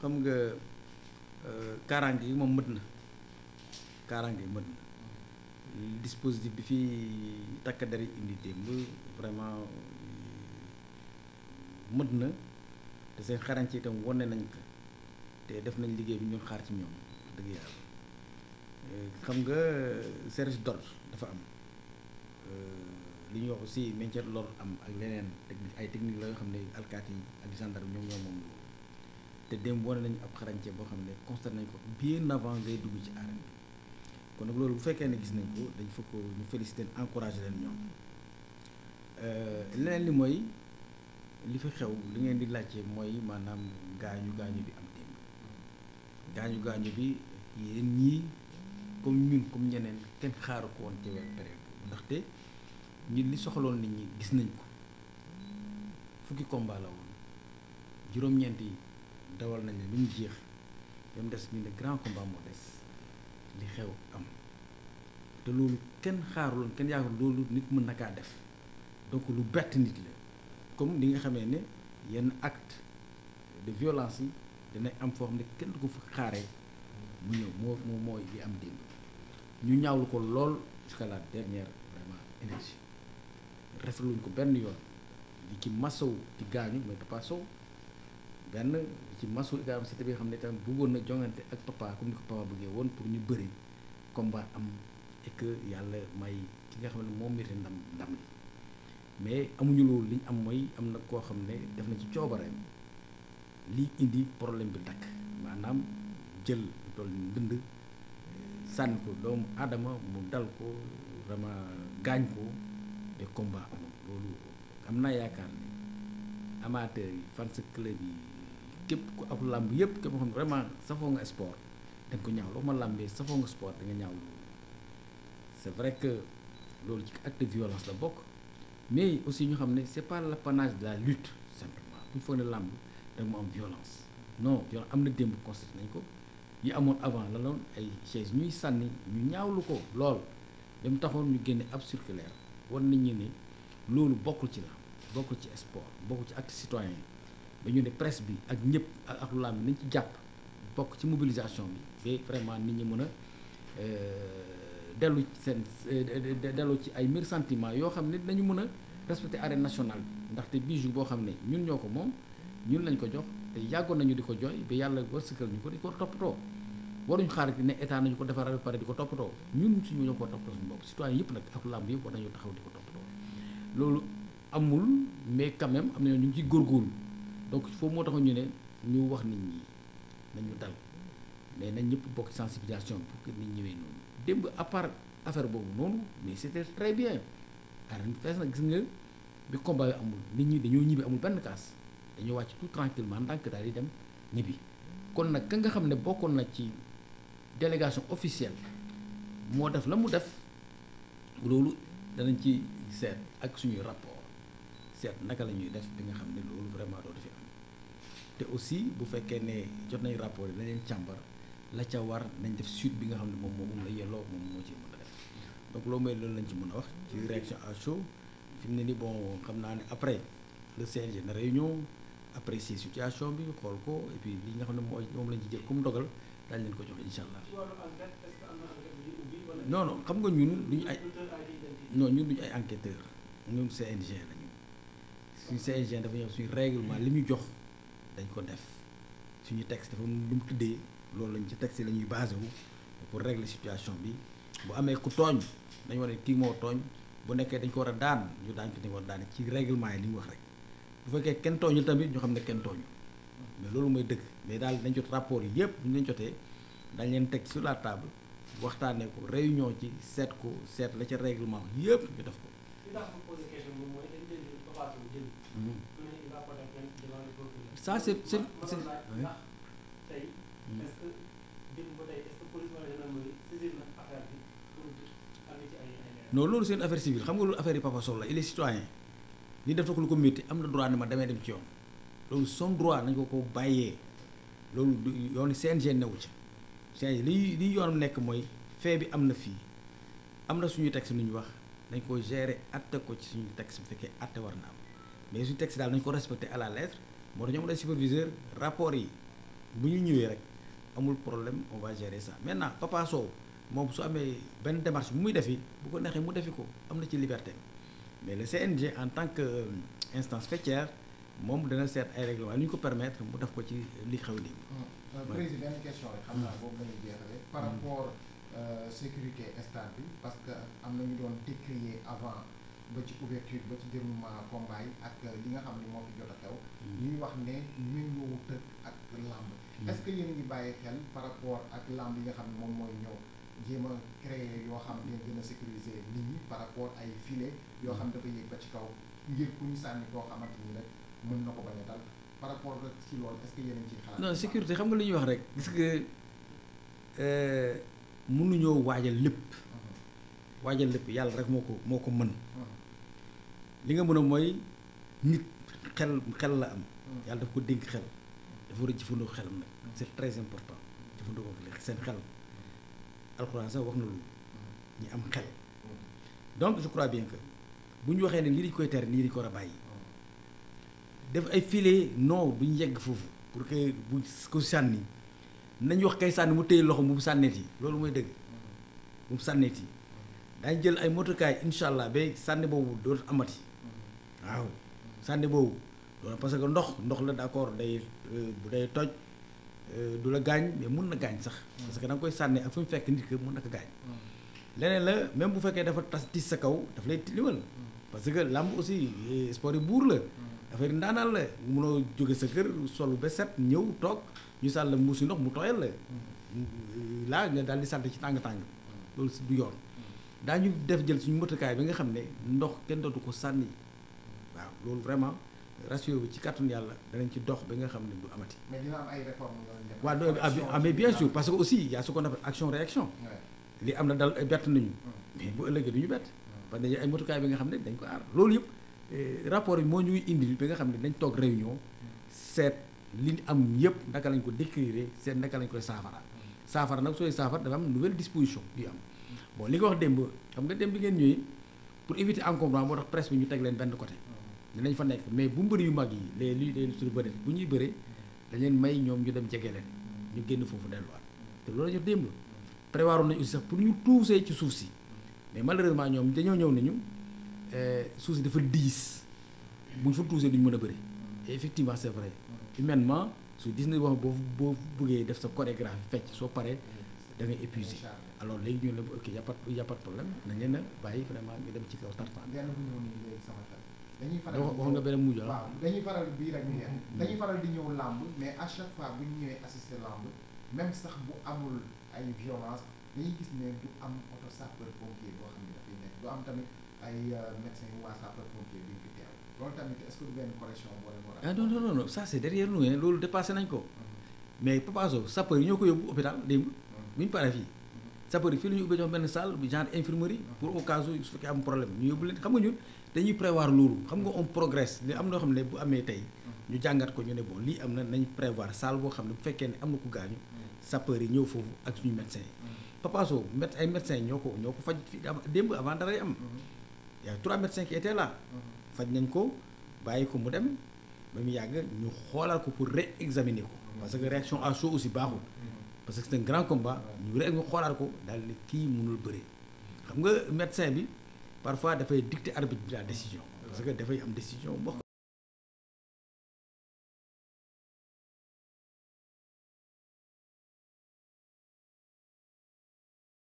xam nga euh, kaaraange yi moom mët na kaaraange yi mët na dispositif bi fi takk der yi indi démb vraiment mët na te seen xarañ ci itam wane nañ ko te def nañ liggéey bi ñu xaar ci ñoom dëgg yàlla euh, xam nga service d'ordre dafa am euh, li ñuy wax aussi maintien de am ak leneen technique ay technique la yoo xam ne alkaati yi ak gendarme ñoom ñoo moom te démb wane nañu ab xarañte boo xam ne constaté nañ ko bien avant ngay dugg ci arène bi kon nag loolu bu fekkee ne gis nañ ko dañ ko ñu féliciter leen encourager leen ñoom euh, leneen li mooy li fi xew li ngeen di laajte mooy maanaam gaañu gaañu bi am gaañu gaañu bi yéen ñii comme ñun comme ñeneen kenn xaaru ko ndaxte ñun li soxloon nit ñi gis nañ ko fukki combat la woon juróom-ñeent dawal nañ ne lu mu jeex ba des ñu ne grand combat moo des li xew am te loolu kenn xaaruloon kenn yaakaar loolu nit mën na kaa def donc lu bett nit la comme li nga xamee ne yenn acte de violence yi dina am foo xam ne kenn du ko fa xaaree mu ñëw moo moo mooy li am démb ñu ñaawlu ko lool jusqu'à la dernière vraiment énergie rafetluñ ko benn yoon di ci masaw di gaañu mais Papa Sow benn ci masu Ibrahima Cissé bi nga xam ne tamit bëggoon na jongante ak papa comme ni ko papa bëggee woon pour ñu bëri combat am et yàlla may ki nga xam ne moom mérite ndam ndam li mais amuñu loolu liñ am mooy am na koo xam ne def na ci coobareem lii indi problème bi dakk maanaam jël tool ndënd sànni ko doomu aadama mu dal ko vraiment gaañ de combat amul loolu naa yaakaar ne amateurs yi fans club yi képp ku ab làmb yëpp képp ne vraiment safoo nga ko ñaaw loo ma làmbee safoo sport da ñaaw loolu vrai que loolu ci acte de violence bokk mais aussi ñu xam ne c'est pas l'apanage de la lutte simplement làmb da mu am violence non violence am na démb constaté nañ ko yi amoon avant la loon ay chaise ñuy sànni ñu ñaawlu ko lool dem taxoon ñu génne ab circulaire war nañu ni loolu bokkul ci làmb bokkul ci sport bokkul ci acte citoyen dañu ne presse bi ak ñëpp ak ak lu laam bi nañ ci jàpp bokk ci mobilisation bi ba vraiment nit ñi mën a euh, dellu ci seen euh, dellu ci ay mille sentiments yoo xam ne dañu mën a respecter arène national bi ndaxte bijou boo xam ne ñun ñoo ko moom ñun lañ ko jox te yàggoon nañu di ko jooy ba yàlla wërsëgal ñu ko di ko toppatoo waruñu xaarati ne état nañu ko defaral ba di ko toppatoo ñun suñu ñoo ko topp toppatoo suñu bopp citoyen yëpp nag ak làmb yëpp war nañu taxaw di ko toppatoo loolu amul mais quand même am na ñu ngi ciy góorgóorlu donc foofu moo tax ñu ne ñu wax nit ñi nañu dal mais nañ ñëpp bokk sensibilisation pour que nit ñëwee noonu démb à part affaire boobu noonu mais c'était très bien arène fees na gis nga bi combat amul nit ñi dañoo ñibbi amul benn kaas dañoo wàcc tout tranquillement ndànk daal yi dem ñibbi kon nag ka nga xam ne bokkoon na ci délégation officielle moo def la mu def loolu danañ ci seet ak suñuy rapport seet naka la ñuy def bi nga xam ne loolu vraiment dootu fi am te aussi bu fekkee ne jot nañ rapport yi na leen càmbar la ca war nañ def suite bi nga xam ne moom moom la yelloo moo ci mën a loolu mooy lañ ci mun a wax ci réaction à chaud fi mu ne ni bon xam naa ne après le CNG na réunion apprécier situation bi xool ko et puis li nga xam ne mooy moom lañ ci jël comme dogal daal leen ko jox incha allah non xam nga ñun duñu ay non ñun duñu ay enquêteur ñun CNG la suñu CNG dafa ñëw suñu règlement li ñu jox dañ ko def suñu texte dafa lu mu tuddee loolu lañ ci texte la ñuy basé wu pour régler situation bi bu amee ku tooñ dañu war a kii moo tooñ bu nekkee dañ ko war a daan ñu daan ko dañ ko ci réglement yi li mu wax rek bu fekkee kenn tooñul tamit ñu xam ne kenn tooñu mais loolu mooy dëgg mais daal dañ jot rapport yi yëpp bu ñu leen jotee dañ leen teg su la table waxtaanee ko réunion ci seet ko seet la ca règlement yëpp ñu def ko. ça c'est c'est c'est mm. non loolu seen affaire civile xam nga loolu affaire yi Papa Sow la il est citoyen li def ko lu ko métti am na droit ne ma damay dem ci yoon loolu son droit nañ ko ko bàyyee loolu yoon CNG newu ci CNG li li yoonam nekk mooy fee bi am na fii am na suñuy texte nu ñu wax dañ ko gérer atte ko ci suñu texte bu fekkee atte war na am mais suñu si daal nañu ko respecté à la lettre moo tax ñu amul ay rapport yi bu ñuy ñëwee rek amul problème on va sax ça maintenant Papa Sow moom su amee benn démarche bu muy def defi bu ko neexee mu defi ko am na ci liberté mais le CNG en tant que euh, instance faîtière moom dana seet ay règlement lu ñu ko permettre mu def ko ci li xew nii. Euh, président benn rek xam naa boobu la ñuy jeexale par rapport euh, sécurité stade bi parce que am na ñu doon décrier avant. ba ci ouverture ba ci déroulement combat yi ak euh, li nga xam ne moo fi jot a xew mm-hmm. ñuy wax ne méngoowul tëgg ak làmb mm-hmm. est-ce que yéen ngi bàyyi xel par rapport ak làmb yi nga xam ne moom mooy ñëw jéem a créer yoo xam ne gën a sécuriser nit ñi par rapport ay filet yoo xam dafa yéeg ba ci kaw ngir ku ñu sànni koo xamante ni rek mën na ko bañ a dal par rapport ak ci lool est-ce que yéen ngi ci xalaat non sécurité xam nga lu ñuy wax rek gis nga euh, mënuñoo waajal lépp mm-hmm. waaja lépp yàlla rek moo ko moo ko mën li nga mën a mooy nit xel xel la am. yàlla daf ko dénk xel. dafa war a jëfandoo xelam nag. c'est très important jëfandoo ko seen xel. alxuraan sax wax na lu ñu am xel. donc je crois bien que bu ñu waxee ne lii dañ koy tere nii di ko war a bàyyi. def ay noo non ñu yegg foofu pour que bu ko sànni nañ wax kay sànni mu téye loxo mu sànneet yi loolu mooy dëgg mu sànneet yi daañu jël ay motukaay incha allah ba sànni boobu dootul amati. waaw sànni boobu loolu parce que ndox ndox la d'accord day bu euh, day toj euh, du la gaañ mais mun na gaañ sax mm. parce que da nga koy sànni ak fu mu fekk nit ki mun na ko gaañ mm. leneen la même bu fekkee dafa tas tis sa kaw daf lay tilimal mm. parce que làmb aussi euh, sport buur la dafay ndaanaan la munoo jóge sa kër solu ba set ñëw toog ñu sàll la muusi ndox mu tooyal la laa nga daal di sant ci tàng-tàng loolu si du yoon daañu def jël suñu motukaay bi nga xam ne ndox kenn dootu ko sànni loolu vraiment ratio bi ci kàttanu yàlla danañ ci dox bi nga xam ne bu amati. mais dina am ay réformes ah, ah, bien sûr ah. parce que aussi y a ce qu'on appelle action réaction. li am na dal bett nañu. Mm. mais bu ëllëgee du ñu bett. Mm. parce que ay motukaay bi nga xam ne dañ ko aar loolu yëpp eh, rapport yi moo ñuy indil bi nga xam ne dañ toog réunion mm. seet li am yëpp naka lañ ko décrire seet naka lañ koy saafara saafara nag sooy saafara dafa am nouvelle disposition di am bon li nga wax démb xam nga démb ngeen ñëwee pour éviter encombrement moo tax presse ñu teg leen benn côté. dinañ fa nekk mais bu mbër yu mag yi les li les sur vedette bu ñuy bëree dañ leen may ñoom ñu dem jege leen ñu génn foofu delluwaat te loolu ñu démb prévoir nañu aussi sax pour ñu tuusee ci suuf si mais malheureusement ñoom dañoo ñëw nañu euh, suuf si dafa diis bu ñu fa tuusee duñ mën a bëri et effectivement c'est vrai humainement su dis na wax boo boo bëggee def sa chorégraphie fecc soo paree da a pas y a pas de problème nañ leen a dem ci kaw tartan dañuy faral di wax nga beneen mujj ah. bii rek ñu dañuy faral di ñëw làmb mais à chaque fois bu ñu ñëwee assister làmb même sax bu amul ay violence dañuy gis ne du am oto sapeur pompier boo xam ne dafay nekk du am tamit ay euh, médecins yu waa sapeur pompier bi loolu tamit ah, est nañ ko. Mm-hmm. mais Papa Sow sapeur yi ñoo ko yóbbu hôpital démb. Mm-hmm. bu ñu paree fii. Mm-hmm. sapeur yi fii la ñu ubbee jox benn salle genre infirmerie. pour au cas su fekkee am problème ñu yóbbu leen xam nga ñun. dañuy prévoir loolu xam nga on progresse li am noo xam ne bu amee tey ñu jàngat ko ñu ne bon lii am na nañ prévoir salle boo xam ne bu fekkee ne am na ku gaañu sapeur yi ñëw foofu ak suñu médecin yi Papa Sow méde ay médecin ñoo ko ñoo ko faj fii démb avant daray am y a trois médecins qui étaient faj nañ ko bàyyi ko mu dem ba mu yàgg ñu xoolal ko pour réexaminer ko parce que réaction à chaud aussi baaxul parce que c'est un grand combat ñu ré ñu xoolaat ko daal kii mënul bëre xam nga médecin bi parfois dafay dicter arbitre bi la décision parce que dafay am décision wax